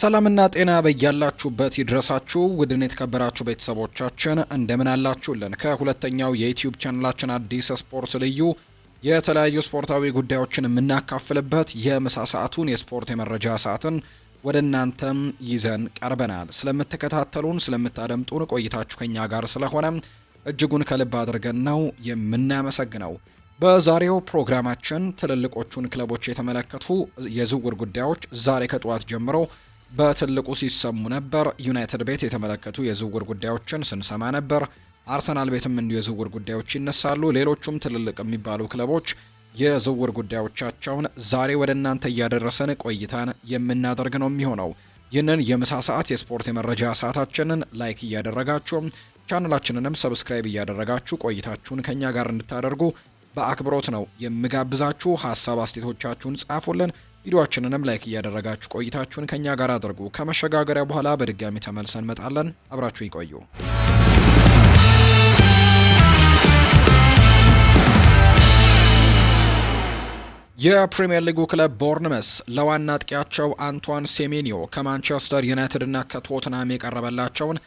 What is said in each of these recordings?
ሰላምና ጤና በያላችሁበት ይድረሳችሁ። ውድን የተከበራችሁ ቤተሰቦቻችን እንደምን አላችሁልን? ከሁለተኛው የዩትዩብ ቻናላችን አዲስ ስፖርት ልዩ የተለያዩ ስፖርታዊ ጉዳዮችን የምናካፍልበት የምሳ ሰዓቱን የስፖርት የመረጃ ሰዓትን ወደ እናንተም ይዘን ቀርበናል። ስለምትከታተሉን፣ ስለምታደምጡን ቆይታችሁ ከኛ ጋር ስለሆነ እጅጉን ከልብ አድርገን ነው የምናመሰግነው። በዛሬው ፕሮግራማችን ትልልቆቹን ክለቦች የተመለከቱ የዝውውር ጉዳዮች ዛሬ ከጠዋት ጀምሮ በትልቁ ሲሰሙ ነበር። ዩናይትድ ቤት የተመለከቱ የዝውውር ጉዳዮችን ስንሰማ ነበር። አርሰናል ቤትም እንዲሁ የዝውውር ጉዳዮች ይነሳሉ። ሌሎቹም ትልልቅ የሚባሉ ክለቦች የዝውውር ጉዳዮቻቸውን ዛሬ ወደ እናንተ እያደረሰን ቆይታን የምናደርግ ነው የሚሆነው። ይህንን የምሳ ሰዓት የስፖርት የመረጃ ሰዓታችንን ላይክ እያደረጋችሁ ቻናላችንንም ሰብስክራይብ እያደረጋችሁ ቆይታችሁን ከኛ ጋር እንድታደርጉ በአክብሮት ነው የምጋብዛችሁ። ሀሳብ አስቴቶቻችሁን ጻፉልን። ቪዲዮችንንም ላይክ እያደረጋችሁ ቆይታችሁን ከኛ ጋር አድርጉ። ከመሸጋገሪያ በኋላ በድጋሚ ተመልሰን መጣለን አብራችሁ ይቆዩ። የፕሪምየር ሊጉ ክለብ ቦርንመስ ለዋና አጥቂያቸው አንቷን ሴሜኒዮ ከማንቸስተር ዩናይትድ እና ከቶትናም የቀረበላቸውን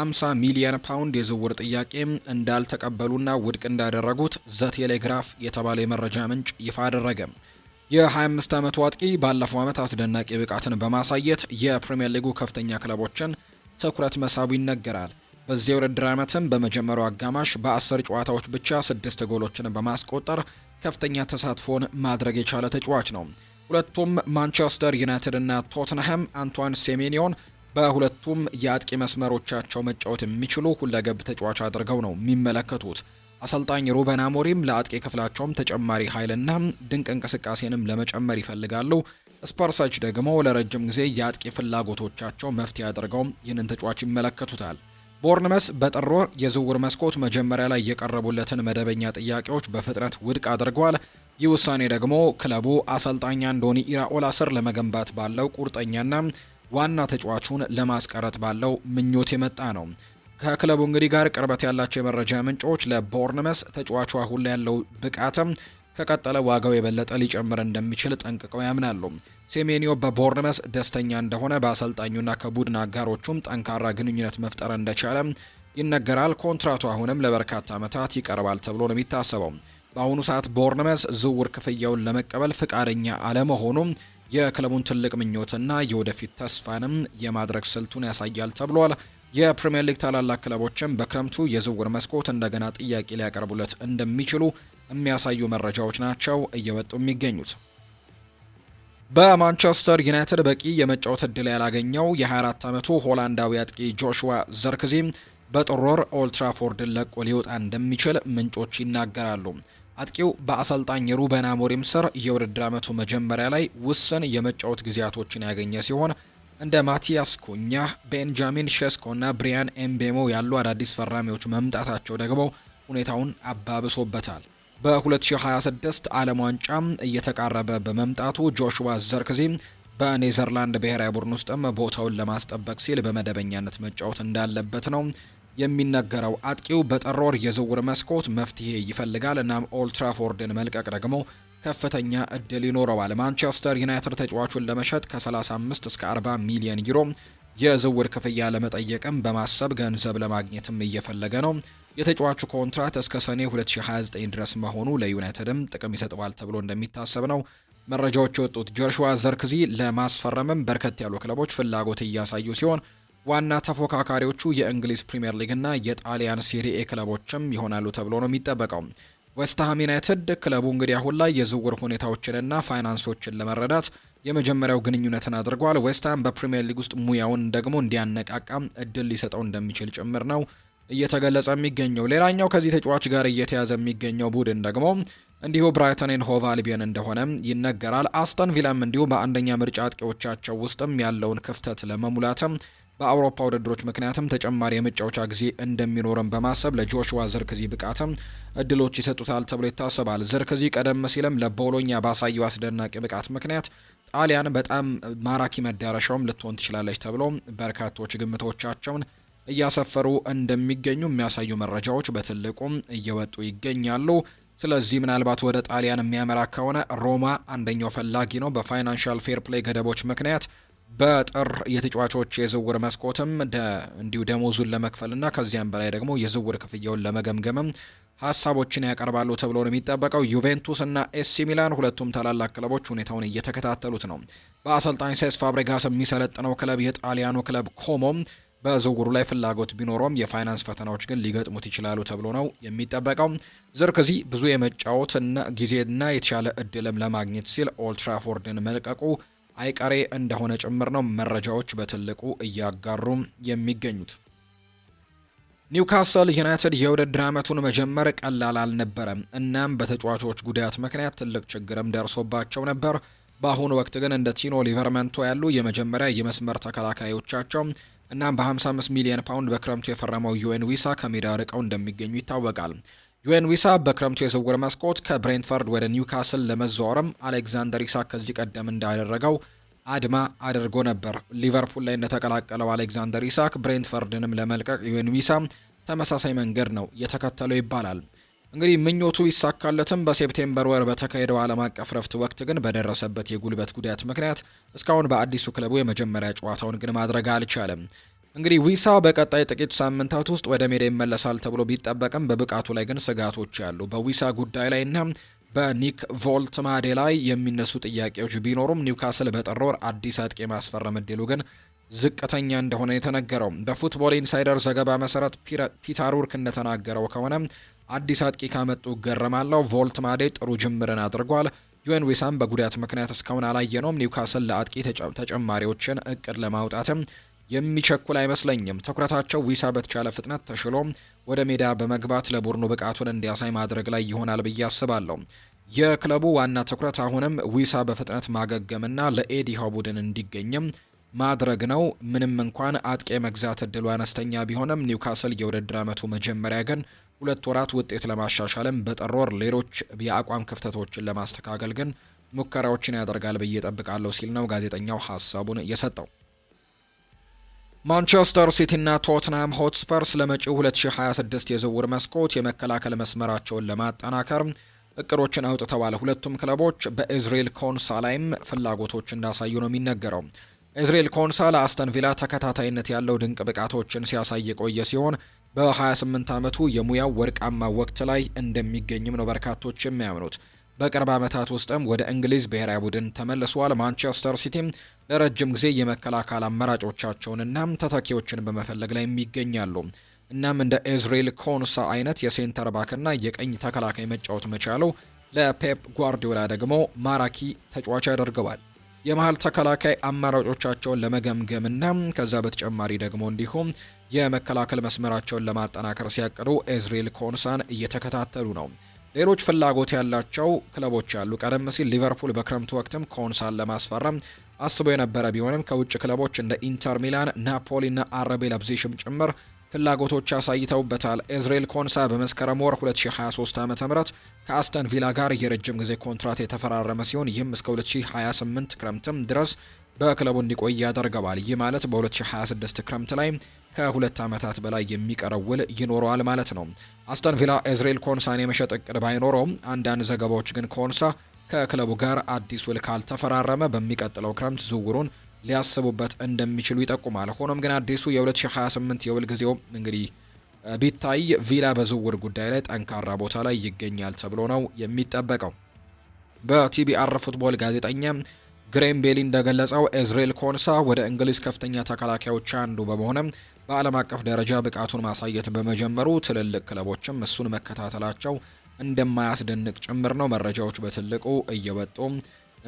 50 ሚሊዮን ፓውንድ የዝውውር ጥያቄም እንዳልተቀበሉና ውድቅ እንዳደረጉት ዘ ቴሌግራፍ የተባለ የመረጃ ምንጭ ይፋ አደረገ። የ25 ዓመቱ አጥቂ ባለፈው ዓመት አስደናቂ ብቃትን በማሳየት የፕሪምየር ሊጉ ከፍተኛ ክለቦችን ትኩረት መሳቡ ይነገራል። በዚህ የውድድር ዓመትም በመጀመሪያው አጋማሽ በአስር ጨዋታዎች ብቻ ስድስት ጎሎችን በማስቆጠር ከፍተኛ ተሳትፎን ማድረግ የቻለ ተጫዋች ነው። ሁለቱም ማንቸስተር ዩናይትድ እና ቶትንሃም አንቷን ሴሜኒዮን በሁለቱም የአጥቂ መስመሮቻቸው መጫወት የሚችሉ ሁለገብ ተጫዋች አድርገው ነው የሚመለከቱት። አሰልጣኝ ሩበን አሞሪም ለአጥቂ ክፍላቸውም ተጨማሪ ኃይልና ድንቅ እንቅስቃሴንም ለመጨመር ይፈልጋሉ። ስፐርሰች ደግሞ ለረጅም ጊዜ የአጥቂ ፍላጎቶቻቸው መፍትሄ አድርገው ይህንን ተጫዋች ይመለከቱታል። ቦርንመስ በጥር ወር የዝውውር መስኮት መጀመሪያ ላይ የቀረቡለትን መደበኛ ጥያቄዎች በፍጥነት ውድቅ አድርጓል። ይህ ውሳኔ ደግሞ ክለቡ አሰልጣኝ አንዶኒ ኢራኦላ ስር ለመገንባት ባለው ቁርጠኛና ዋና ተጫዋቹን ለማስቀረት ባለው ምኞት የመጣ ነው። ከክለቡ እንግዲህ ጋር ቅርበት ያላቸው የመረጃ ምንጮች ለቦርንመስ ተጫዋቹ አሁን ላይ ያለው ብቃትም ከቀጠለ ዋጋው የበለጠ ሊጨምር እንደሚችል ጠንቅቀው ያምናሉ። ሴሜኒዮ በቦርንመስ ደስተኛ እንደሆነ በአሰልጣኙና ከቡድን አጋሮቹም ጠንካራ ግንኙነት መፍጠር እንደቻለ ይነገራል። ኮንትራቱ አሁንም ለበርካታ ዓመታት ይቀርባል ተብሎ ነው የሚታሰበው። በአሁኑ ሰዓት ቦርንመስ ዝውውር ክፍያውን ለመቀበል ፍቃደኛ አለመሆኑም የክለቡን ትልቅ ምኞትና የወደፊት ተስፋንም የማድረግ ስልቱን ያሳያል ተብሏል። የፕሪምየር ሊግ ታላላቅ ክለቦችም በክረምቱ የዝውውር መስኮት እንደገና ጥያቄ ሊያቀርቡለት እንደሚችሉ የሚያሳዩ መረጃዎች ናቸው እየወጡ የሚገኙት። በማንቸስተር ዩናይትድ በቂ የመጫወት እድል ያላገኘው የ24 ዓመቱ ሆላንዳዊ አጥቂ ጆሹዋ ዘርክዚም በጥር ወር ኦልትራፎርድን ለቆ ሊወጣ እንደሚችል ምንጮች ይናገራሉ። አጥቂው በአሰልጣኝ ሩበን አሞሪም ስር የውድድር ዓመቱ መጀመሪያ ላይ ውስን የመጫወት ጊዜያቶችን ያገኘ ሲሆን እንደ ማቲያስ ኩኛ፣ ቤንጃሚን እና ብሪያን ኤምቤሞ ያሉ አዳዲስ ፈራሚዎች መምጣታቸው ደግሞ ሁኔታውን አባብሶበታል። በ2026 ዓለም ዋንጫ እየተቃረበ በመምጣቱ ጆሹዋ ዘርክዚ በኔዘርላንድ ብሔራዊ ቡድን ውስጥም ቦታውን ለማስጠበቅ ሲል በመደበኛነት መጫወት እንዳለበት ነው የሚነገረው። አጥቂው በጠሮር የዝውውር መስኮት መፍትሄ ይፈልጋል። እናም ኦልትራፎርድን መልቀቅ ደግሞ ከፍተኛ እድል ይኖረዋል። ማንቸስተር ዩናይትድ ተጫዋቹን ለመሸጥ ከ35 እስከ 40 ሚሊዮን ዩሮ የዝውውር ክፍያ ለመጠየቅም በማሰብ ገንዘብ ለማግኘትም እየፈለገ ነው። የተጫዋቹ ኮንትራት እስከ ሰኔ 2029 ድረስ መሆኑ ለዩናይትድም ጥቅም ይሰጥዋል ተብሎ እንደሚታሰብ ነው መረጃዎች የወጡት። ጆርሽዋ ዘርክዚ ለማስፈረምም በርከት ያሉ ክለቦች ፍላጎት እያሳዩ ሲሆን ዋና ተፎካካሪዎቹ የእንግሊዝ ፕሪምየር ሊግ እና የጣሊያን ሴሪኤ ክለቦችም ይሆናሉ ተብሎ ነው የሚጠበቀው። ዌስትሃም ዩናይትድ ክለቡ እንግዲህ አሁን ላይ የዝውውር ሁኔታዎችንና ፋይናንሶችን ለመረዳት የመጀመሪያው ግንኙነትን አድርጓል። ዌስትሃም በፕሪምየር ሊግ ውስጥ ሙያውን ደግሞ እንዲያነቃቃም እድል ሊሰጠው እንደሚችል ጭምር ነው እየተገለጸ የሚገኘው። ሌላኛው ከዚህ ተጫዋች ጋር እየተያዘ የሚገኘው ቡድን ደግሞ እንዲሁ ብራይተንን ሆቭ አልቢየን እንደሆነ ይነገራል። አስተን ቪላም እንዲሁ በአንደኛ ምርጫ አጥቂዎቻቸው ውስጥም ያለውን ክፍተት ለመሙላትም በአውሮፓ ውድድሮች ምክንያትም ተጨማሪ የመጫወቻ ጊዜ እንደሚኖርም በማሰብ ለጆሹዋ ዘርክዚ ብቃትም እድሎች ይሰጡታል ተብሎ ይታሰባል። ዘርክዚ ቀደም ሲልም ለቦሎኛ ባሳየው አስደናቂ ብቃት ምክንያት ጣሊያን በጣም ማራኪ መዳረሻውም ልትሆን ትችላለች ተብሎ በርካቶች ግምቶቻቸውን እያሰፈሩ እንደሚገኙ የሚያሳዩ መረጃዎች በትልቁም እየወጡ ይገኛሉ። ስለዚህ ምናልባት ወደ ጣሊያን የሚያመራ ከሆነ ሮማ አንደኛው ፈላጊ ነው። በፋይናንሻል ፌር ፕሌይ ገደቦች ምክንያት በጥር የተጫዋቾች የዝውውር መስኮትም እንዲሁ ደሞዙን ለመክፈልና ከዚያም በላይ ደግሞ የዝውውር ክፍያውን ለመገምገምም ሀሳቦችን ያቀርባሉ ተብሎ ነው የሚጠበቀው። ዩቬንቱስ እና ኤሲ ሚላን ሁለቱም ታላላቅ ክለቦች ሁኔታውን እየተከታተሉት ነው። በአሰልጣኝ ሴስ ፋብሪጋስ የሚሰለጥነው ክለብ የጣሊያኑ ክለብ ኮሞም በዝውውሩ ላይ ፍላጎት ቢኖረውም የፋይናንስ ፈተናዎች ግን ሊገጥሙት ይችላሉ ተብሎ ነው የሚጠበቀው። ዝርክዚ ብዙ የመጫወት ጊዜና የተሻለ እድልም ለማግኘት ሲል ኦልትራፎርድን መልቀቁ አይቀሬ እንደሆነ ጭምር ነው መረጃዎች በትልቁ እያጋሩ የሚገኙት። ኒውካስል ዩናይትድ የውድድር ዓመቱን መጀመር ቀላል አልነበረም። እናም በተጫዋቾች ጉዳት ምክንያት ትልቅ ችግርም ደርሶባቸው ነበር። በአሁኑ ወቅት ግን እንደ ቲኖ ሊቨርመንቶ ያሉ የመጀመሪያ የመስመር ተከላካዮቻቸው እናም በ55 ሚሊዮን ፓውንድ በክረምቱ የፈረመው ዩኤን ዊሳ ከሜዳ ርቀው እንደሚገኙ ይታወቃል። ዩኤን ዊሳ በክረምቱ የዝውውር መስኮት ከብሬንትፈርድ ወደ ኒውካስል ለመዛወርም አሌክዛንደር ኢሳክ ከዚህ ቀደም እንዳደረገው አድማ አድርጎ ነበር። ሊቨርፑል ላይ እንደተቀላቀለው አሌክዛንደር ኢሳክ ብሬንትፈርድንም ለመልቀቅ ዩኤን ዊሳ ተመሳሳይ መንገድ ነው የተከተለው ይባላል። እንግዲህ ምኞቱ ይሳካለትም በሴፕቴምበር ወር በተካሄደው ዓለም አቀፍ ረፍት ወቅት ግን በደረሰበት የጉልበት ጉዳት ምክንያት እስካሁን በአዲሱ ክለቡ የመጀመሪያ ጨዋታውን ግን ማድረግ አልቻለም። እንግዲህ ዊሳ በቀጣይ ጥቂት ሳምንታት ውስጥ ወደ ሜዳ ይመለሳል ተብሎ ቢጠበቅም በብቃቱ ላይ ግን ስጋቶች አሉ። በዊሳ ጉዳይ ላይ እና በኒክ ቮልት ማዴ ላይ የሚነሱ ጥያቄዎች ቢኖሩም ኒውካስል በጥር ወር አዲስ አጥቂ ማስፈረም እድሉ ግን ዝቅተኛ እንደሆነ የተነገረው በፉትቦል ኢንሳይደር ዘገባ መሰረት ፒተር እንደተናገረው ከሆነ አዲስ አጥቂ ካመጡ እገረማለሁ። ቮልት ማዴ ጥሩ ጅምርን አድርጓል። ዩኤን ዊሳም በጉዳት ምክንያት እስካሁን አላየነውም። ኒውካስል ለአጥቂ ተጨማሪዎችን እቅድ ለማውጣትም የሚቸኩል አይመስለኝም። ትኩረታቸው ዊሳ በተቻለ ፍጥነት ተሽሎ ወደ ሜዳ በመግባት ለቡድኑ ብቃቱን እንዲያሳይ ማድረግ ላይ ይሆናል ብዬ አስባለሁ። የክለቡ ዋና ትኩረት አሁንም ዊሳ በፍጥነት ማገገምና ለኤዲሃ ቡድን እንዲገኝም ማድረግ ነው። ምንም እንኳን አጥቂ መግዛት እድሉ አነስተኛ ቢሆንም ኒውካስል የውድድር ዓመቱ መጀመሪያ ግን ሁለት ወራት ውጤት ለማሻሻልም በጠሮር ሌሎች የአቋም ክፍተቶችን ለማስተካከል ግን ሙከራዎችን ያደርጋል ብዬ ጠብቃለሁ ሲል ነው ጋዜጠኛው ሀሳቡን የሰጠው። ማንቸስተር ሲቲና ቶትናም ሆትስፐርስ ለመጪው 2026 የዝውውር መስኮት የመከላከል መስመራቸውን ለማጠናከር እቅዶችን አውጥተዋል። ሁለቱም ክለቦች በእዝሬል ኮንሳ ላይም ፍላጎቶች እንዳሳዩ ነው የሚነገረው። እዝሬል ኮንሳ ለአስተን ቪላ ተከታታይነት ያለው ድንቅ ብቃቶችን ሲያሳይ የቆየ ሲሆን በ28 ዓመቱ የሙያው ወርቃማ ወቅት ላይ እንደሚገኝም ነው በርካቶች የሚያምኑት። በቅርብ ዓመታት ውስጥም ወደ እንግሊዝ ብሔራዊ ቡድን ተመልሷል። ማንቸስተር ሲቲም ለረጅም ጊዜ የመከላከል አማራጮቻቸውንና ተተኪዎችን በመፈለግ ላይ የሚገኛሉ። እናም እንደ ኤዝሬል ኮንሳ አይነት የሴንተር ባክና የቀኝ ተከላካይ መጫወት መቻሉ ለፔፕ ጓርዲዮላ ደግሞ ማራኪ ተጫዋች ያደርገዋል። የመሀል ተከላካይ አማራጮቻቸውን ለመገምገምና ከዛ በተጨማሪ ደግሞ እንዲሁም የመከላከል መስመራቸውን ለማጠናከር ሲያቅዱ ኤዝሬል ኮንሳን እየተከታተሉ ነው። ሌሎች ፍላጎት ያላቸው ክለቦች አሉ። ቀደም ሲል ሊቨርፑል በክረምቱ ወቅትም ኮንሳን ለማስፈረም አስቦ የነበረ ቢሆንም ከውጭ ክለቦች እንደ ኢንተር ሚላን፣ ናፖሊ ና አረቤ ለብዜሽም ጭምር ፍላጎቶች አሳይተውበታል። ኤዝሬል ኮንሳ በመስከረም ወር 2023 ዓ.ም ከአስተን ቪላ ጋር የረጅም ጊዜ ኮንትራት የተፈራረመ ሲሆን ይህም እስከ 2028 ክረምትም ድረስ በክለቡ እንዲቆይ ያደርገዋል። ይህ ማለት በ2026 ክረምት ላይ ከሁለት ዓመታት በላይ የሚቀረው ውል ይኖረዋል ማለት ነው። አስተን ቪላ ኤዝሬል ኮንሳን የመሸጥ እቅድ ባይኖረውም አንዳንድ ዘገባዎች ግን ኮንሳ ከክለቡ ጋር አዲስ ውል ካልተፈራረመ በሚቀጥለው ክረምት ዝውውሩን ሊያስቡበት እንደሚችሉ ይጠቁማል። ሆኖም ግን አዲሱ የ2028 የውል ጊዜው እንግዲህ ቢታይ ቪላ በዝውውር ጉዳይ ላይ ጠንካራ ቦታ ላይ ይገኛል ተብሎ ነው የሚጠበቀው። በቲቢአር ፉትቦል ጋዜጠኛ ግሬም ቤሊ እንደገለጸው ኤዝሬል ኮንሳ ወደ እንግሊዝ ከፍተኛ ተከላካዮች አንዱ በመሆንም በዓለም አቀፍ ደረጃ ብቃቱን ማሳየት በመጀመሩ ትልልቅ ክለቦችም እሱን መከታተላቸው እንደማያስደንቅ ጭምር ነው መረጃዎች በትልቁ እየወጡ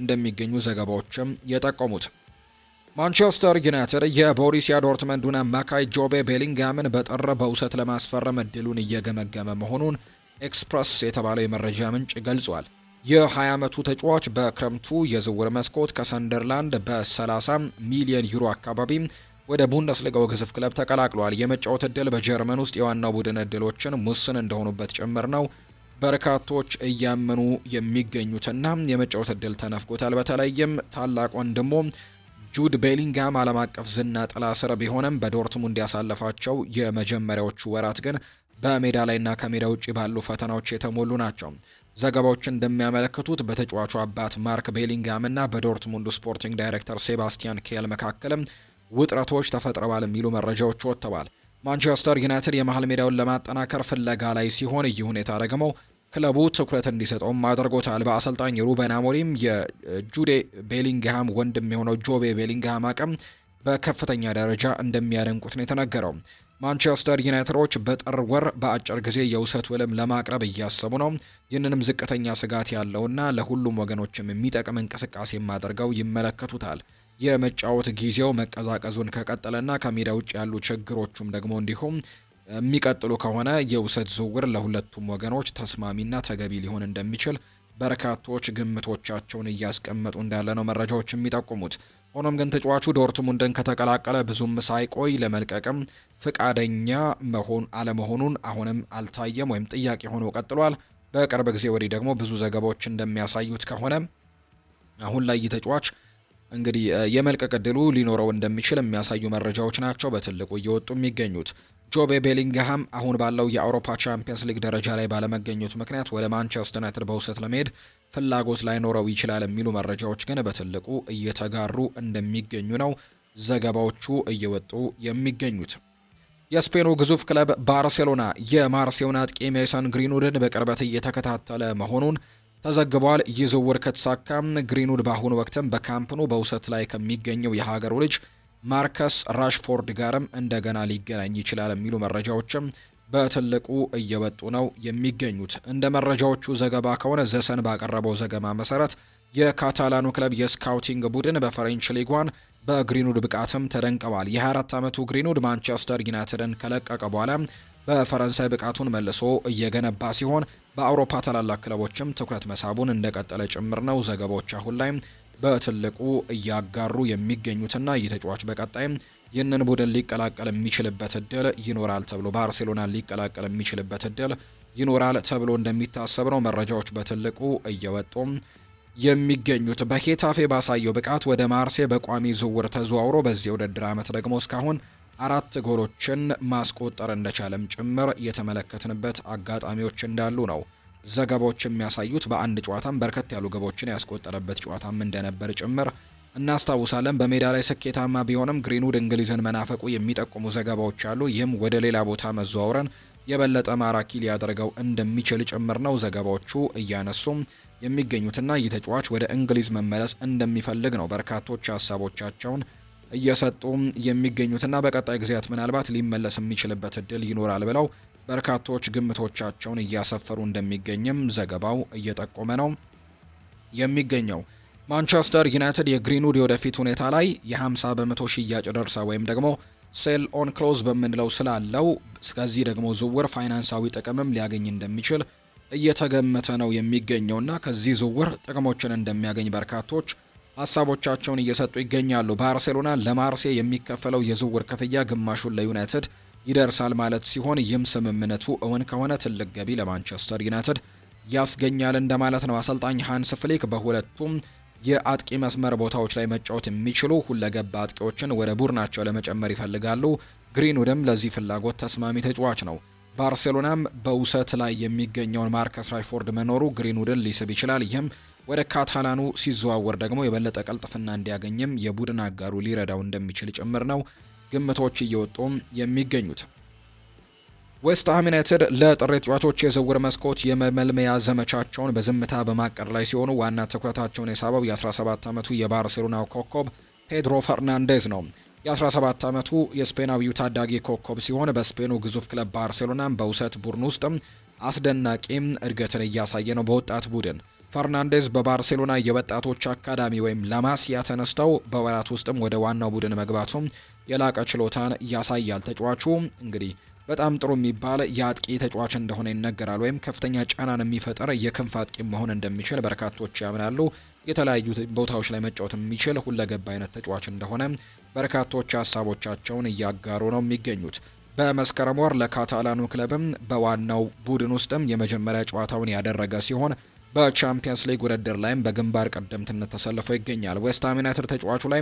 እንደሚገኙ ዘገባዎችም የጠቆሙት። ማንቸስተር ዩናይትድ የቦሪሲያ ዶርትመንዱን አማካይ ጆቤ ቤሊንጋምን በጥር በውሰት ለማስፈረም እድሉን እየገመገመ መሆኑን ኤክስፕረስ የተባለው የመረጃ ምንጭ ገልጿል። የ20 ዓመቱ ተጫዋች በክረምቱ የዝውውር መስኮት ከሰንደርላንድ በ30 ሚሊዮን ዩሮ አካባቢ ወደ ቡንደስሊጋው ግዙፍ ክለብ ተቀላቅሏል። የመጫወት እድል በጀርመን ውስጥ የዋናው ቡድን እድሎችን ውስን እንደሆኑበት ጭምር ነው በርካቶች እያመኑ የሚገኙትና የመጫወት እድል ተነፍጎታል። በተለይም ታላቅ ወንድሞ ጁድ ቤሊንጋም ዓለም አቀፍ ዝና ጥላ ስር ቢሆንም በዶርትሙንድ ያሳለፋቸው የመጀመሪያዎቹ ወራት ግን በሜዳ ላይና ከሜዳ ውጭ ባሉ ፈተናዎች የተሞሉ ናቸው። ዘገባዎች እንደሚያመለክቱት በተጫዋቹ አባት ማርክ ቤሊንጋም እና በዶርትሙንዱ ስፖርቲንግ ዳይሬክተር ሴባስቲያን ኬል መካከልም ውጥረቶች ተፈጥረዋል የሚሉ መረጃዎች ወጥተዋል። ማንቸስተር ዩናይትድ የመሃል ሜዳውን ለማጠናከር ፍለጋ ላይ ሲሆን፣ ይህ ሁኔታ ደግሞ ክለቡ ትኩረት እንዲሰጠውም አድርጎታል። በአሰልጣኝ ሩበን አሞሪም የጁዴ ቤሊንግሃም ወንድም የሆነው ጆቤ ቤሊንግሃም አቅም በከፍተኛ ደረጃ እንደሚያደንቁት ነው የተነገረው። ማንቸስተር ዩናይትዶች በጥር ወር በአጭር ጊዜ የውሰት ውልም ለማቅረብ እያሰቡ ነው። ይህንንም ዝቅተኛ ስጋት ያለውና ለሁሉም ወገኖችም የሚጠቅም እንቅስቃሴ አድርገው ይመለከቱታል። የመጫወት ጊዜው መቀዛቀዙን ከቀጠለና ከሜዳ ውጭ ያሉ ችግሮቹም ደግሞ እንዲሁም የሚቀጥሉ ከሆነ የውሰት ዝውውር ለሁለቱም ወገኖች ተስማሚና ተገቢ ሊሆን እንደሚችል በርካቶች ግምቶቻቸውን እያስቀመጡ እንዳለ ነው መረጃዎች የሚጠቁሙት። ሆኖም ግን ተጫዋቹ ዶርትሙንድን ከተቀላቀለ ብዙም ሳይቆይ ለመልቀቅም ፍቃደኛ መሆን አለመሆኑን አሁንም አልታየም ወይም ጥያቄ ሆኖ ቀጥሏል። በቅርብ ጊዜ ወዲህ ደግሞ ብዙ ዘገባዎች እንደሚያሳዩት ከሆነ አሁን ላይ ተጫዋች እንግዲህ የመልቀቅ እድሉ ሊኖረው እንደሚችል የሚያሳዩ መረጃዎች ናቸው በትልቁ እየወጡ የሚገኙት። ጆቤ ቤሊንግሃም አሁን ባለው የአውሮፓ ቻምፒየንስ ሊግ ደረጃ ላይ ባለመገኘቱ ምክንያት ወደ ማንቸስተር ዩናይትድ በውሰት ለመሄድ ፍላጎት ላይኖረው ይችላል የሚሉ መረጃዎች ግን በትልቁ እየተጋሩ እንደሚገኙ ነው ዘገባዎቹ እየወጡ የሚገኙት። የስፔኑ ግዙፍ ክለብ ባርሴሎና የማርሴውን አጥቂ ሜሰን ግሪንውድን በቅርበት እየተከታተለ መሆኑን ተዘግቧል። ይህ ዝውውር ከተሳካም ግሪንውድ በአሁኑ ወቅትም በካምፕኑ በውሰት ላይ ከሚገኘው የሀገሩ ልጅ ማርከስ ራሽፎርድ ጋርም እንደገና ሊገናኝ ይችላል የሚሉ መረጃዎችም በትልቁ እየወጡ ነው የሚገኙት። እንደ መረጃዎቹ ዘገባ ከሆነ ዘሰን ባቀረበው ዘገባ መሰረት የካታላኑ ክለብ የስካውቲንግ ቡድን በፈረንች ሊጓን በግሪንውድ ብቃትም ተደንቀዋል። የ24 ዓመቱ ግሪንውድ ማንቸስተር ዩናይትድን ከለቀቀ በኋላ በፈረንሳይ ብቃቱን መልሶ እየገነባ ሲሆን በአውሮፓ ታላላቅ ክለቦችም ትኩረት መሳቡን እንደቀጠለ ጭምር ነው ዘገባዎች አሁን ላይ በትልቁ እያጋሩ የሚገኙትና የተጫዋች ተጫዋች በቀጣይም ይህንን ቡድን ሊቀላቀል የሚችልበት እድል ይኖራል ተብሎ ባርሴሎና ሊቀላቀል የሚችልበት እድል ይኖራል ተብሎ እንደሚታሰብ ነው መረጃዎች በትልቁ እየወጡ የሚገኙት። በኬታፌ ባሳየው ብቃት ወደ ማርሴ በቋሚ ዝውውር ተዘዋውሮ በዚህ ውድድር ዓመት ደግሞ እስካሁን አራት ጎሎችን ማስቆጠር እንደቻለም ጭምር የተመለከትንበት አጋጣሚዎች እንዳሉ ነው ዘገባዎች የሚያሳዩት በአንድ ጨዋታም በርከት ያሉ ግቦችን ያስቆጠረበት ጨዋታም እንደነበር ጭምር እናስታውሳለን። በሜዳ ላይ ስኬታማ ቢሆንም ግሪንውድ እንግሊዝን መናፈቁ የሚጠቁሙ ዘገባዎች አሉ። ይህም ወደ ሌላ ቦታ መዘዋወረን የበለጠ ማራኪ ሊያደርገው እንደሚችል ጭምር ነው ዘገባዎቹ እያነሱም የሚገኙትና ይህ ተጫዋች ወደ እንግሊዝ መመለስ እንደሚፈልግ ነው በርካቶች ሀሳቦቻቸውን እየሰጡ የሚገኙትና በቀጣይ ጊዜያት ምናልባት ሊመለስ የሚችልበት እድል ይኖራል ብለው በርካቶች ግምቶቻቸውን እያሰፈሩ እንደሚገኝም ዘገባው እየጠቆመ ነው የሚገኘው። ማንቸስተር ዩናይትድ የግሪንውድ የወደፊት ሁኔታ ላይ የ50 በመቶ ሽያጭ ደርሳ ወይም ደግሞ ሴል ኦን ክሎዝ በምንለው ስላለው እስከዚህ ደግሞ ዝውውር ፋይናንሳዊ ጥቅምም ሊያገኝ እንደሚችል እየተገመተ ነው የሚገኘውና ከዚህ ዝውውር ጥቅሞችን እንደሚያገኝ በርካቶች ሀሳቦቻቸውን እየሰጡ ይገኛሉ። ባርሴሎና ለማርሴ የሚከፈለው የዝውውር ክፍያ ግማሹን ለዩናይትድ ይደርሳል ማለት ሲሆን ይህም ስምምነቱ እውን ከሆነ ትልቅ ገቢ ለማንቸስተር ዩናይትድ ያስገኛል እንደማለት ነው። አሰልጣኝ ሃንስ ፍሊክ በሁለቱም የአጥቂ መስመር ቦታዎች ላይ መጫወት የሚችሉ ሁለገብ አጥቂዎችን ወደ ቡድናቸው ለመጨመር ይፈልጋሉ። ግሪንውድም ለዚህ ፍላጎት ተስማሚ ተጫዋች ነው። ባርሴሎናም በውሰት ላይ የሚገኘውን ማርከስ ራሽፎርድ መኖሩ ግሪንውድን ሊስብ ይችላል። ይህም ወደ ካታላኑ ሲዘዋወር ደግሞ የበለጠ ቀልጥፍና እንዲያገኝም የቡድን አጋሩ ሊረዳው እንደሚችል ጭምር ነው። ግምቶች እየወጡ የሚገኙት። ዌስትሃም ዩናይትድ ለጥሬ ተጫዋቾች የዝውውር መስኮት የመመልመያ ዘመቻቸውን በዝምታ በማቀድ ላይ ሲሆኑ ዋና ትኩረታቸውን የሳበው የ17 ዓመቱ የባርሴሎናው ኮከብ ፔድሮ ፈርናንዴዝ ነው። የ17 ዓመቱ የስፔናዊው ታዳጊ ኮከብ ሲሆን በስፔኑ ግዙፍ ክለብ ባርሴሎናም በውሰት ቡድን ውስጥ አስደናቂም እድገትን እያሳየ ነው። በወጣት ቡድን ፈርናንዴዝ በባርሴሎና የወጣቶች አካዳሚ ወይም ላማሲያ ተነስተው በወራት ውስጥም ወደ ዋናው ቡድን መግባቱም የላቀ ችሎታን ያሳያል። ተጫዋቹ እንግዲህ በጣም ጥሩ የሚባል የአጥቂ ተጫዋች እንደሆነ ይነገራል። ወይም ከፍተኛ ጫናን የሚፈጠር የክንፍ አጥቂ መሆን እንደሚችል በርካቶች ያምናሉ። የተለያዩ ቦታዎች ላይ መጫወት የሚችል ሁለገብ አይነት ተጫዋች እንደሆነ በርካቶች ሀሳቦቻቸውን እያጋሩ ነው የሚገኙት። በመስከረም ወር ለካታላኑ ክለብም በዋናው ቡድን ውስጥም የመጀመሪያ ጨዋታውን ያደረገ ሲሆን በቻምፒየንስ ሊግ ውድድር ላይም በግንባር ቀደምትነት ተሰልፎ ይገኛል። ዌስትሃም ዩናይትድ ተጫዋቹ ላይ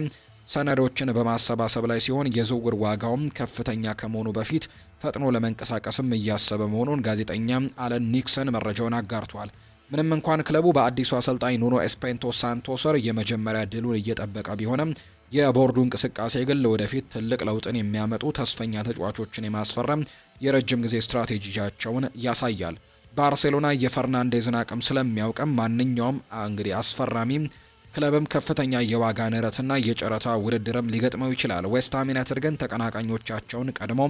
ሰነዶችን በማሰባሰብ ላይ ሲሆን የዝውውር ዋጋውም ከፍተኛ ከመሆኑ በፊት ፈጥኖ ለመንቀሳቀስም እያሰበ መሆኑን ጋዜጠኛ አለን ኒክሰን መረጃውን አጋርቷል። ምንም እንኳን ክለቡ በአዲሱ አሰልጣኝ ኑኖ ኤስፔንቶ ሳንቶሰር የመጀመሪያ ድሉን እየጠበቀ ቢሆንም የቦርዱ እንቅስቃሴ ግን ለወደፊት ትልቅ ለውጥን የሚያመጡ ተስፈኛ ተጫዋቾችን የማስፈረም የረጅም ጊዜ ስትራቴጂቻቸውን ያሳያል። ባርሴሎና የፈርናንዴዝን አቅም ስለሚያውቅም ማንኛውም እንግዲህ አስፈራሚም ክለብም ከፍተኛ የዋጋ ንረትና የጨረታ ውድድርም ሊገጥመው ይችላል። ዌስትሃም ዩናይትድ ግን ተቀናቃኞቻቸውን ቀድሞ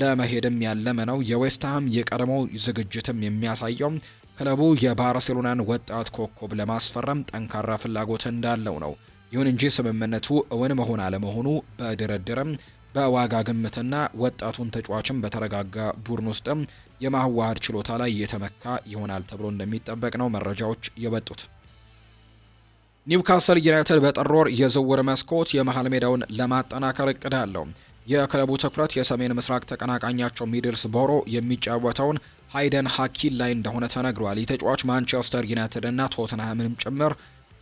ለመሄድም ያለመ ነው። የዌስትሃም የቀድሞ ዝግጅትም የሚያሳየው ክለቡ የባርሴሎናን ወጣት ኮከብ ለማስፈረም ጠንካራ ፍላጎት እንዳለው ነው። ይሁን እንጂ ስምምነቱ እውን መሆን አለመሆኑ በድርድርም በዋጋ ግምትና ወጣቱን ተጫዋችም በተረጋጋ ቡድን ውስጥም የማዋሃድ ችሎታ ላይ እየተመካ ይሆናል ተብሎ እንደሚጠበቅ ነው መረጃዎች የበጡት። ኒውካስል ዩናይትድ በጥር ወር የዝውውር መስኮት የመሃል ሜዳውን ለማጠናከር እቅድ አለው። የክለቡ ትኩረት የሰሜን ምስራቅ ተቀናቃኛቸው ሚድልስ ቦሮ የሚጫወተውን ሃይደን ሀኪል ላይ እንደሆነ ተነግሯል። የተጫዋች ማንቸስተር ዩናይትድ እና ቶትንሃምንም ጭምር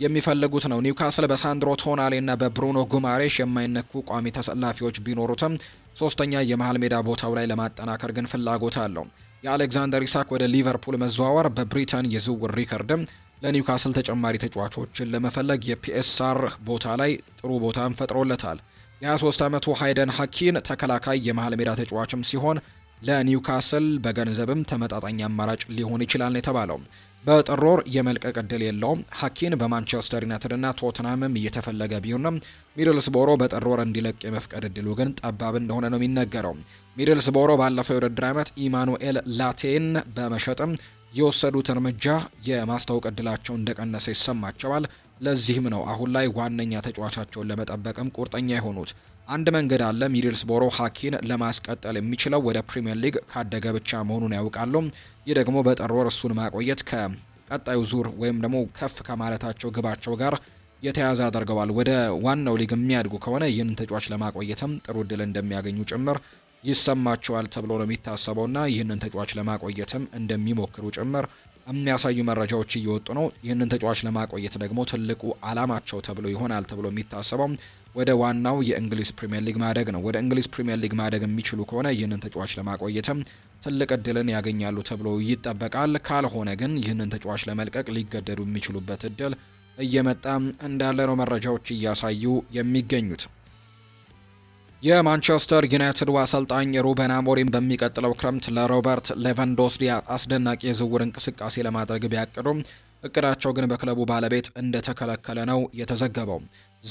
የሚፈልጉት ነው። ኒውካስል በሳንድሮ ቶናሌና በብሩኖ ጉማሬሽ የማይነኩ ቋሚ ተሰላፊዎች ቢኖሩትም ሶስተኛ የመሀል ሜዳ ቦታው ላይ ለማጠናከር ግን ፍላጎት አለው። የአሌክዛንደር ኢሳክ ወደ ሊቨርፑል መዘዋወር በብሪተን የዝውውር ሪከርድም ለኒውካስል ተጨማሪ ተጫዋቾችን ለመፈለግ የፒኤስአር ቦታ ላይ ጥሩ ቦታን ፈጥሮለታል። የ23 ዓመቱ ሃይደን ሀኪን ተከላካይ የመሀል ሜዳ ተጫዋችም ሲሆን ለኒውካስል በገንዘብም ተመጣጣኝ አማራጭ ሊሆን ይችላል ነው የተባለው። በጥሮር የመልቀቅ እድል የለውም። ሀኪን በማንቸስተር ዩናይትድና ቶትናምም እየተፈለገ ቢሆንም ሚድልስቦሮ በጥሮር እንዲለቅ የመፍቀድ እድሉ ግን ጠባብ እንደሆነ ነው የሚነገረው። ሚድልስቦሮ ባለፈው የውድድር ዓመት ኢማኑኤል ላቴን በመሸጥም የወሰዱት እርምጃ የማስታወቅ እድላቸው እንደቀነሰ ይሰማቸዋል። ለዚህም ነው አሁን ላይ ዋነኛ ተጫዋቻቸውን ለመጠበቅም ቁርጠኛ የሆኑት። አንድ መንገድ አለ። ሚድልስቦሮ ሀኪን ለማስቀጠል የሚችለው ወደ ፕሪምየር ሊግ ካደገ ብቻ መሆኑን ያውቃሉ። ይህ ደግሞ በጥር ወር እሱን ማቆየት ከቀጣዩ ዙር ወይም ደግሞ ከፍ ከማለታቸው ግባቸው ጋር የተያዘ አድርገዋል። ወደ ዋናው ሊግ የሚያድጉ ከሆነ ይህንን ተጫዋች ለማቆየትም ጥሩ እድል እንደሚያገኙ ጭምር ይሰማቸዋል ተብሎ ነው የሚታሰበውና ይህንን ተጫዋች ለማቆየትም እንደሚሞክሩ ጭምር የሚያሳዩ መረጃዎች እየወጡ ነው። ይህንን ተጫዋች ለማቆየት ደግሞ ትልቁ አላማቸው ተብሎ ይሆናል ተብሎ የሚታሰበው ወደ ዋናው የእንግሊዝ ፕሪምየር ሊግ ማደግ ነው። ወደ እንግሊዝ ፕሪምየር ሊግ ማደግ የሚችሉ ከሆነ ይህንን ተጫዋች ለማቆየትም ትልቅ እድልን ያገኛሉ ተብሎ ይጠበቃል። ካልሆነ ግን ይህንን ተጫዋች ለመልቀቅ ሊገደዱ የሚችሉበት እድል እየመጣ እንዳለ ነው መረጃዎች እያሳዩ የሚገኙት። የማንቸስተር ዩናይትድ አሰልጣኝ ሩበን አሞሪም በሚቀጥለው ክረምት ለሮበርት ሌቫንዶስኪ አስደናቂ የዝውውር እንቅስቃሴ ለማድረግ ቢያቅዱም እቅዳቸው ግን በክለቡ ባለቤት እንደተከለከለ ነው የተዘገበው።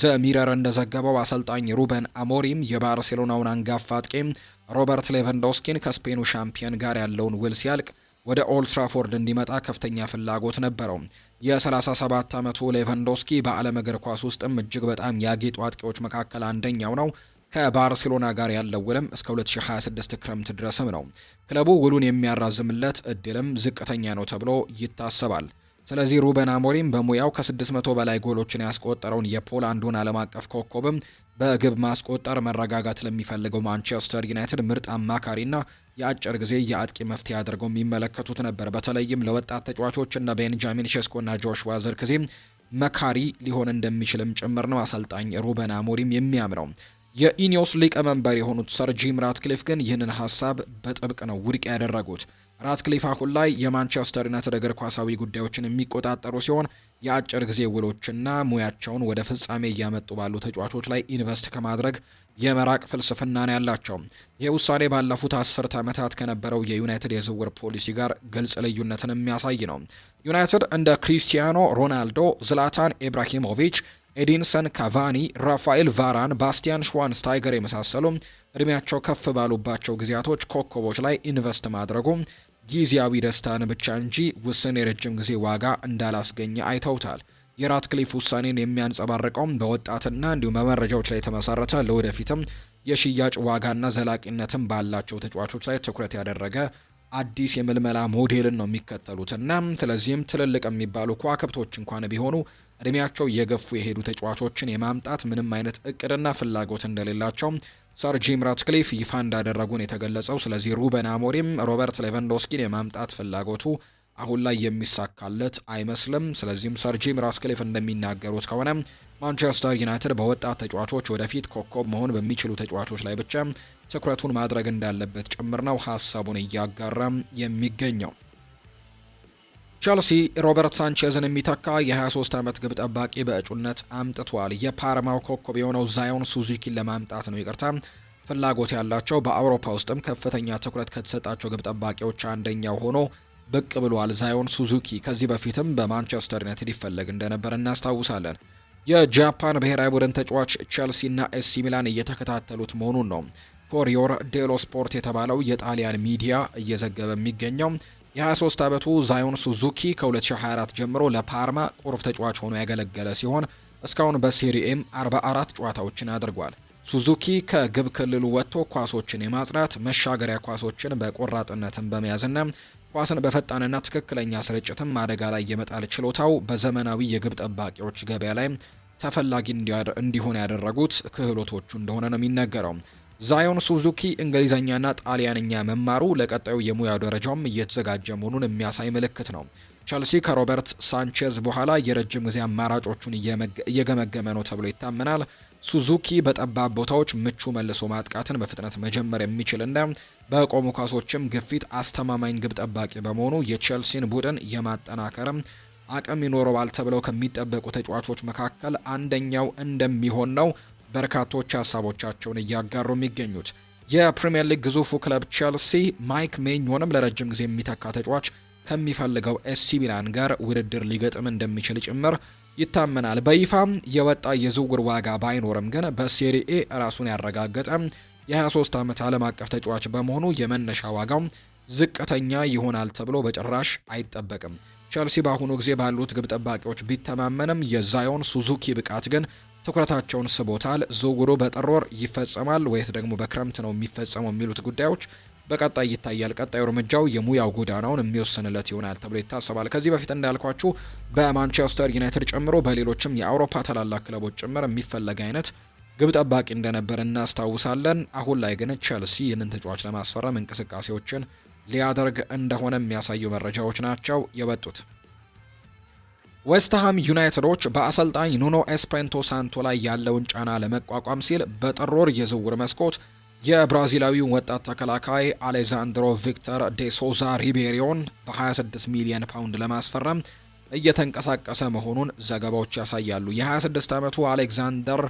ዘ ሚረር እንደዘገበው አሰልጣኝ ሩበን አሞሪም የባርሴሎናውን አንጋፋ አጥቂ ሮበርት ሌቫንዶስኪን ከስፔኑ ሻምፒየን ጋር ያለውን ውል ሲያልቅ ወደ ኦልትራፎርድ እንዲመጣ ከፍተኛ ፍላጎት ነበረው። የ37 ዓመቱ ሌቫንዶስኪ በዓለም እግር ኳስ ውስጥም እጅግ በጣም ያጌጡ አጥቂዎች መካከል አንደኛው ነው። ከባርሴሎና ጋር ያለው ውልም እስከ 2026 ክረምት ድረስም ነው። ክለቡ ውሉን የሚያራዝምለት እድልም ዝቅተኛ ነው ተብሎ ይታሰባል። ስለዚህ ሩበን አሞሪም በሙያው ከ600 በላይ ጎሎችን ያስቆጠረውን የፖላንዱን ዓለም አቀፍ ኮከብም በግብ ማስቆጠር መረጋጋት ለሚፈልገው ማንቸስተር ዩናይትድ ምርጥ አማካሪና የአጭር ጊዜ የአጥቂ መፍትሄ አድርገው የሚመለከቱት ነበር። በተለይም ለወጣት ተጫዋቾች እና ቤንጃሚን ሼስኮና ጆሽዋ ዘርክዜ መካሪ ሊሆን እንደሚችልም ጭምር ነው አሰልጣኝ ሩበን አሞሪም የሚያምነው። የኢኒዮስ ሊቀመንበር የሆኑት ሰር ጂም ራትክሊፍ ግን ይህንን ሀሳብ በጥብቅ ነው ውድቅ ያደረጉት። ራትክሊፍ አሁን ላይ የማንቸስተር ዩናይትድ እግር ኳሳዊ ጉዳዮችን የሚቆጣጠሩ ሲሆን የአጭር ጊዜ ውሎችና ሙያቸውን ወደ ፍጻሜ እያመጡ ባሉ ተጫዋቾች ላይ ኢንቨስት ከማድረግ የመራቅ ፍልስፍና ነው ያላቸው። ይህ ውሳኔ ባለፉት አስርት ዓመታት ከነበረው የዩናይትድ የዝውውር ፖሊሲ ጋር ግልጽ ልዩነትን የሚያሳይ ነው። ዩናይትድ እንደ ክሪስቲያኖ ሮናልዶ፣ ዝላታን ኢብራሂሞቪች ኤዲንሰን ካቫኒ፣ ራፋኤል ቫራን፣ ባስቲያን ሽዋንስታይገር የመሳሰሉ እድሜያቸው ከፍ ባሉባቸው ጊዜያቶች ኮከቦች ላይ ኢንቨስት ማድረጉ ጊዜያዊ ደስታን ብቻ እንጂ ውስን የረጅም ጊዜ ዋጋ እንዳላስገኘ አይተውታል። የራትክሊፍ ውሳኔን የሚያንጸባርቀውም በወጣትና እንዲሁም በመረጃዎች ላይ የተመሰረተ ለወደፊትም የሽያጭ ዋጋና ዘላቂነትን ባላቸው ተጫዋቾች ላይ ትኩረት ያደረገ አዲስ የምልመላ ሞዴልን ነው የሚከተሉትና ስለዚህም ትልልቅ የሚባሉ ከዋክብቶች እንኳን ቢሆኑ እድሜያቸው እየገፉ የሄዱ ተጫዋቾችን የማምጣት ምንም አይነት እቅድና ፍላጎት እንደሌላቸው ሰር ጂም ራትክሊፍ ይፋ እንዳደረጉን የተገለጸው። ስለዚህ ሩበን አሞሪም ሮበርት ሌቫንዶስኪን የማምጣት ፍላጎቱ አሁን ላይ የሚሳካለት አይመስልም። ስለዚህም ሰር ጂም ራትክሊፍ እንደሚናገሩት ከሆነ ማንቸስተር ዩናይትድ በወጣት ተጫዋቾች ወደፊት ኮከብ መሆን በሚችሉ ተጫዋቾች ላይ ብቻ ትኩረቱን ማድረግ እንዳለበት ጭምር ነው ሀሳቡን እያጋራም የሚገኘው። ቸልሲ ሮበርት ሳንቼዝን የሚተካ የ23 ዓመት ግብ ጠባቂ በእጩነት አምጥቷል። የፓርማው ኮከብ የሆነው ዛዮን ሱዙኪን ለማምጣት ነው ይቅርታ ፍላጎት ያላቸው። በአውሮፓ ውስጥም ከፍተኛ ትኩረት ከተሰጣቸው ግብ ጠባቂዎች አንደኛው ሆኖ ብቅ ብሏል። ዛዮን ሱዙኪ ከዚህ በፊትም በማንቸስተር ዩናይትድ ይፈለግ እንደነበር እናስታውሳለን። የጃፓን ብሔራዊ ቡድን ተጫዋች ቸልሲና ኤሲ ሚላን እየተከታተሉት መሆኑን ነው ኮሪዮር ዴሎ ስፖርት የተባለው የጣሊያን ሚዲያ እየዘገበ የሚገኘው። የ23 ዓመቱ ዛዮን ሱዙኪ ከ2024 ጀምሮ ለፓርማ ቁርፍ ተጫዋች ሆኖ ያገለገለ ሲሆን እስካሁን በሴሪኤም 44 ጨዋታዎችን አድርጓል። ሱዙኪ ከግብ ክልሉ ወጥቶ ኳሶችን የማጽናት መሻገሪያ ኳሶችን በቆራጥነትን በመያዝና ኳስን በፈጣንና ትክክለኛ ስርጭትም አደጋ ላይ የመጣል ችሎታው በዘመናዊ የግብ ጠባቂዎች ገበያ ላይ ተፈላጊ እንዲሆን ያደረጉት ክህሎቶቹ እንደሆነ ነው የሚነገረው። ዛዮን ሱዙኪ እንግሊዝኛና ጣሊያንኛ መማሩ ለቀጣዩ የሙያ ደረጃውም እየተዘጋጀ መሆኑን የሚያሳይ ምልክት ነው። ቸልሲ ከሮበርት ሳንቼዝ በኋላ የረጅም ጊዜ አማራጮቹን እየገመገመ ነው ተብሎ ይታመናል። ሱዙኪ በጠባብ ቦታዎች ምቹ መልሶ ማጥቃትን በፍጥነት መጀመር የሚችልና በቆሙ ኳሶችም ግፊት አስተማማኝ ግብ ጠባቂ በመሆኑ የቸልሲን ቡድን የማጠናከርም አቅም ይኖረዋል ተብለው ከሚጠበቁ ተጫዋቾች መካከል አንደኛው እንደሚሆን ነው በርካቶች ሀሳቦቻቸውን እያጋሩ የሚገኙት። የፕሪምየር ሊግ ግዙፉ ክለብ ቼልሲ ማይክ ሜኞንም ለረጅም ጊዜ የሚተካ ተጫዋች ከሚፈልገው ኤሲ ሚላን ጋር ውድድር ሊገጥም እንደሚችል ጭምር ይታመናል። በይፋም የወጣ የዝውውር ዋጋ ባይኖርም ግን በሴሪኤ ራሱን ያረጋገጠ የ23 ዓመት ዓለም አቀፍ ተጫዋች በመሆኑ የመነሻ ዋጋው ዝቅተኛ ይሆናል ተብሎ በጭራሽ አይጠበቅም። ቸልሲ በአሁኑ ጊዜ ባሉት ግብ ጠባቂዎች ቢተማመንም የዛዮን ሱዙኪ ብቃት ግን ትኩረታቸውን ስቦታል። ዝውውሩ በጥር ወር ይፈጸማል ወይስ ደግሞ በክረምት ነው የሚፈጸመው የሚሉት ጉዳዮች በቀጣይ ይታያል። ቀጣዩ እርምጃው የሙያው ጎዳናውን የሚወስንለት ይሆናል ተብሎ ይታሰባል። ከዚህ በፊት እንዳልኳችሁ በማንቸስተር ዩናይትድ ጨምሮ በሌሎችም የአውሮፓ ታላላቅ ክለቦች ጭምር የሚፈለግ አይነት ግብ ጠባቂ እንደነበር እናስታውሳለን። አሁን ላይ ግን ቸልሲ ይህንን ተጫዋች ለማስፈረም እንቅስቃሴዎችን ሊያደርግ እንደሆነ የሚያሳዩ መረጃዎች ናቸው የወጡት። ዌስትሃም ዩናይትዶች በአሰልጣኝ ኑኖ ኤስፕሬንቶ ሳንቶ ላይ ያለውን ጫና ለመቋቋም ሲል በጥር የዝውውር መስኮት የብራዚላዊው ወጣት ተከላካይ አሌዛንድሮ ቪክተር ዴሶዛ ሪቤሪዮን በ26 ሚሊዮን ፓውንድ ለማስፈረም እየተንቀሳቀሰ መሆኑን ዘገባዎች ያሳያሉ። የ26 ዓመቱ አሌክዛንደር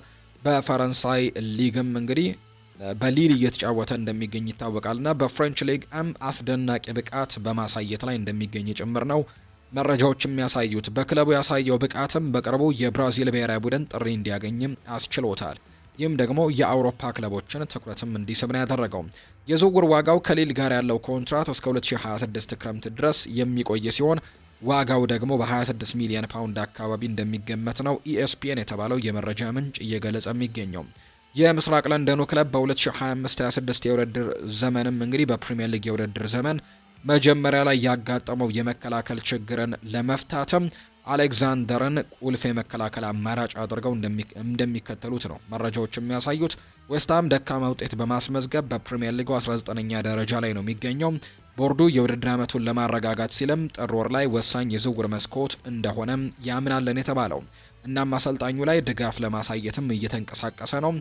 በፈረንሳይ ሊግም እንግዲህ በሊል እየተጫወተ እንደሚገኝ ይታወቃልና በፍሬንች ሊግ አም አስደናቂ ብቃት በማሳየት ላይ እንደሚገኝ ጭምር ነው መረጃዎች የሚያሳዩት በክለቡ ያሳየው ብቃትም በቅርቡ የብራዚል ብሔራዊ ቡድን ጥሪ እንዲያገኝም አስችሎታል። ይህም ደግሞ የአውሮፓ ክለቦችን ትኩረትም እንዲስብ ነው ያደረገው። የዝውውር ዋጋው ከሊል ጋር ያለው ኮንትራት እስከ 2026 ክረምት ድረስ የሚቆይ ሲሆን ዋጋው ደግሞ በ26 ሚሊዮን ፓውንድ አካባቢ እንደሚገመት ነው ኢኤስፒኤን የተባለው የመረጃ ምንጭ እየገለጸ የሚገኘው። የምስራቅ ለንደኑ ክለብ በ2025/26 የውድድር ዘመንም እንግዲህ በፕሪምየር ሊግ የውድድር ዘመን መጀመሪያ ላይ ያጋጠመው የመከላከል ችግርን ለመፍታትም አሌክዛንደርን ቁልፍ የመከላከል አማራጭ አድርገው እንደሚከተሉት ነው መረጃዎች የሚያሳዩት። ዌስትሃም ደካማ ውጤት በማስመዝገብ በፕሪምየር ሊጉ 19ኛ ደረጃ ላይ ነው የሚገኘው። ቦርዱ የውድድር ዓመቱን ለማረጋጋት ሲልም ጥር ወር ላይ ወሳኝ የዝውውር መስኮት እንደሆነም ያምናለን የተባለው እናም አሰልጣኙ ላይ ድጋፍ ለማሳየትም እየተንቀሳቀሰ ነው።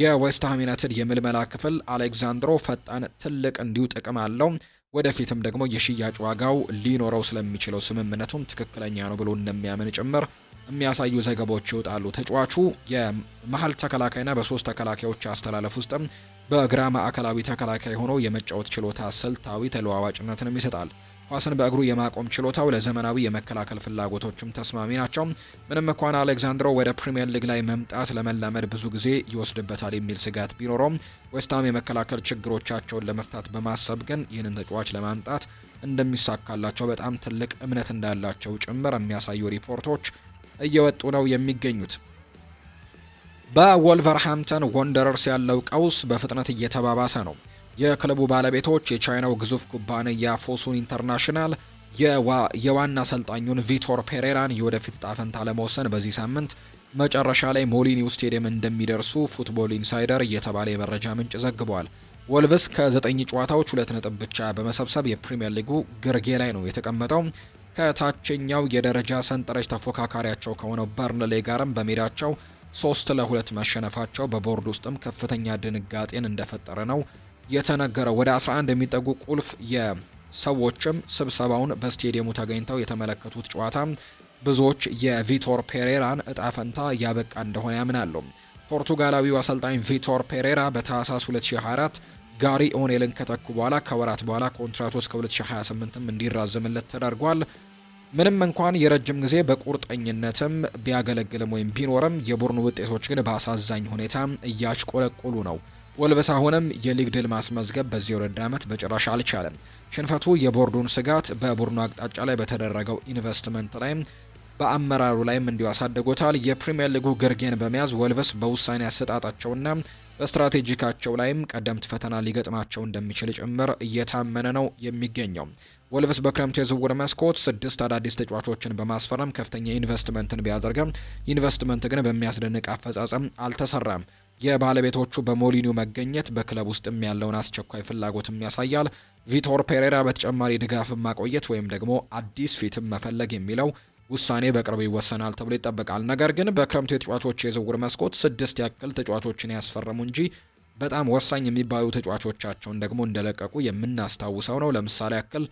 የዌስትሃም ዩናይትድ የምልመላ ክፍል አሌክዛንድሮ ፈጣን ትልቅ እንዲሁ ጥቅም አለው ወደፊትም ደግሞ የሽያጭ ዋጋው ሊኖረው ስለሚችለው ስምምነቱም ትክክለኛ ነው ብሎ እንደሚያምን ጭምር የሚያሳዩ ዘገባዎች ይወጣሉ። ተጫዋቹ የመሀል ተከላካይና በሶስት ተከላካዮች አስተላለፍ ውስጥም በግራ ማዕከላዊ ተከላካይ ሆኖ የመጫወት ችሎታ ስልታዊ ተለዋዋጭነትንም ይሰጣል። ኳስን በእግሩ የማቆም ችሎታው ለዘመናዊ የመከላከል ፍላጎቶችም ተስማሚ ናቸው። ምንም እንኳን አሌክዛንድሮ ወደ ፕሪምየር ሊግ ላይ መምጣት ለመላመድ ብዙ ጊዜ ይወስድበታል የሚል ስጋት ቢኖረውም ዌስትሃም የመከላከል ችግሮቻቸውን ለመፍታት በማሰብ ግን ይህንን ተጫዋች ለማምጣት እንደሚሳካላቸው በጣም ትልቅ እምነት እንዳላቸው ጭምር የሚያሳዩ ሪፖርቶች እየወጡ ነው የሚገኙት። በወልቨርሃምተን ወንደረርስ ያለው ቀውስ በፍጥነት እየተባባሰ ነው። የክለቡ ባለቤቶች የቻይናው ግዙፍ ኩባንያ ፎሱን ኢንተርናሽናል የዋና አሰልጣኙን ቪቶር ፔሬራን የወደፊት ዕጣ ለመወሰን በዚህ ሳምንት መጨረሻ ላይ ሞሊኒው ስቴዲየም እንደሚደርሱ ፉትቦል ኢንሳይደር እየተባለ የመረጃ ምንጭ ዘግቧል። ወልቭስ ከዘጠኝ ጨዋታዎች ሁለት ነጥብ ብቻ በመሰብሰብ የፕሪምየር ሊጉ ግርጌ ላይ ነው የተቀመጠው። ከታችኛው የደረጃ ሰንጠረዥ ተፎካካሪያቸው ከሆነው በርንሌ ጋርም በሜዳቸው ሶስት ለሁለት መሸነፋቸው በቦርድ ውስጥም ከፍተኛ ድንጋጤን እንደፈጠረ ነው የተነገረው። ወደ 11 የሚጠጉ ቁልፍ የሰዎችም ስብሰባውን በስቴዲየሙ ተገኝተው የተመለከቱት ጨዋታ ብዙዎች የቪቶር ፔሬራን እጣ ፈንታ ያበቃ እንደሆነ ያምናሉ። ፖርቱጋላዊው አሰልጣኝ ቪቶር ፔሬራ በታህሳስ 2024 ጋሪ ኦኔልን ከተኩ በኋላ ከወራት በኋላ ኮንትራቱ እስከ 2028ም እንዲራዘምለት ተደርጓል። ምንም እንኳን የረጅም ጊዜ በቁርጠኝነትም ቢያገለግልም ወይም ቢኖርም የቡድኑ ውጤቶች ግን በአሳዛኝ ሁኔታ እያሽቆለቆሉ ነው። አሁንም የሊግ ድል ማስመዝገብ በዚህ የውድድር ዓመት በጭራሽ አልቻለም። ሽንፈቱ የቦርዱን ስጋት በቡድኑ አቅጣጫ ላይ በተደረገው ኢንቨስትመንት ላይም በአመራሩ ላይም እንዲሁ አሳድጎታል። የፕሪምየር ሊጉ ግርጌን በመያዝ ወልቨስ በውሳኔ አሰጣጣቸውና በስትራቴጂካቸው ላይም ቀደምት ፈተና ሊገጥማቸው እንደሚችል ጭምር እየታመነ ነው የሚገኘው። ወልበስ በክረምቱ የዝውውር መስኮት ስድስት አዳዲስ ተጫዋቾችን በማስፈረም ከፍተኛ ኢንቨስትመንትን ቢያደርገም ኢንቨስትመንት ግን በሚያስደንቅ አፈጻጸም አልተሰራም። የባለቤቶቹ በሞሊኒው መገኘት በክለብ ውስጥም ያለውን አስቸኳይ ፍላጎትም ያሳያል። ቪቶር ፔሬራ በተጨማሪ ድጋፍ ማቆየት ወይም ደግሞ አዲስ ፊትም መፈለግ የሚለው ውሳኔ በቅርብ ይወሰናል ተብሎ ይጠበቃል። ነገር ግን በክረምቱ የተጫዋቾች የዝውውር መስኮት ስድስት ያክል ተጫዋቾችን ያስፈረሙ እንጂ በጣም ወሳኝ የሚባሉ ተጫዋቾቻቸውን ደግሞ እንደለቀቁ የምናስታውሰው ነው። ለምሳሌ ያክል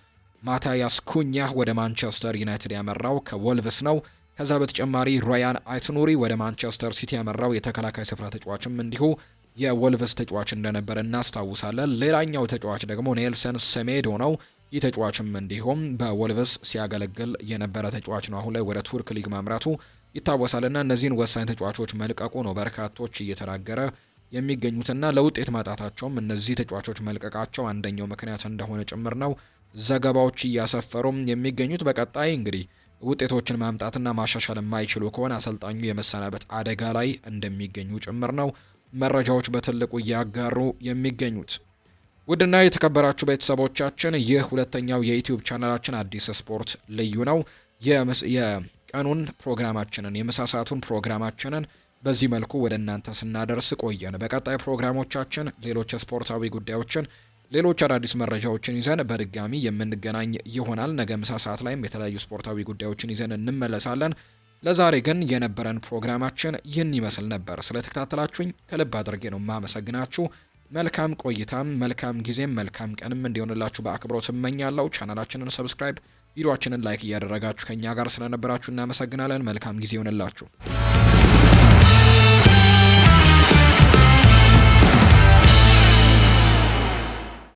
ማታያስ ኩኛ ወደ ማንቸስተር ዩናይትድ ያመራው ከወልቭስ ነው። ከዛ በተጨማሪ ሮያን አይትኑሪ ወደ ማንቸስተር ሲቲ ያመራው የተከላካይ ስፍራ ተጫዋችም እንዲሁ የወልቭስ ተጫዋች እንደነበረ እናስታውሳለን። ሌላኛው ተጫዋች ደግሞ ኔልሰን ሰሜዶ ነው። ይህ ተጫዋችም እንዲሁም በወልቭስ ሲያገለግል የነበረ ተጫዋች ነው። አሁን ላይ ወደ ቱርክ ሊግ ማምራቱ ይታወሳልና እነዚህን ወሳኝ ተጫዋቾች መልቀቁ ነው በርካቶች እየተናገረ የሚገኙትና ለውጤት ማጣታቸውም እነዚህ ተጫዋቾች መልቀቃቸው አንደኛው ምክንያት እንደሆነ ጭምር ነው ዘገባዎች እያሰፈሩም የሚገኙት። በቀጣይ እንግዲህ ውጤቶችን ማምጣትና ማሻሻል የማይችሉ ከሆነ አሰልጣኙ የመሰናበት አደጋ ላይ እንደሚገኙ ጭምር ነው መረጃዎች በትልቁ እያጋሩ የሚገኙት። ውድና የተከበራችሁ ቤተሰቦቻችን ይህ ሁለተኛው የዩትዩብ ቻናላችን አዲስ ስፖርት ልዩ ነው። የቀኑን ፕሮግራማችንን የመሳሳቱን ፕሮግራማችንን በዚህ መልኩ ወደ እናንተ ስናደርስ ቆየን። በቀጣይ ፕሮግራሞቻችን ሌሎች ስፖርታዊ ጉዳዮችን ሌሎች አዳዲስ መረጃዎችን ይዘን በድጋሚ የምንገናኝ ይሆናል። ነገ ምሳ ሰዓት ላይም የተለያዩ ስፖርታዊ ጉዳዮችን ይዘን እንመለሳለን። ለዛሬ ግን የነበረን ፕሮግራማችን ይህን ይመስል ነበር። ስለተከታተላችሁኝ ከልብ አድርጌ ነው የማመሰግናችሁ። መልካም ቆይታም፣ መልካም ጊዜም፣ መልካም ቀንም እንዲሆንላችሁ በአክብሮት እመኛለሁ። ቻናላችንን ሰብስክራይብ፣ ቪዲዮችንን ላይክ እያደረጋችሁ ከኛ ጋር ስለነበራችሁ እናመሰግናለን። መልካም ጊዜ ይሆንላችሁ።